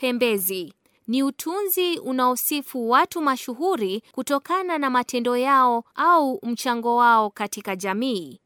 Pembezi ni utunzi unaosifu watu mashuhuri kutokana na matendo yao au mchango wao katika jamii.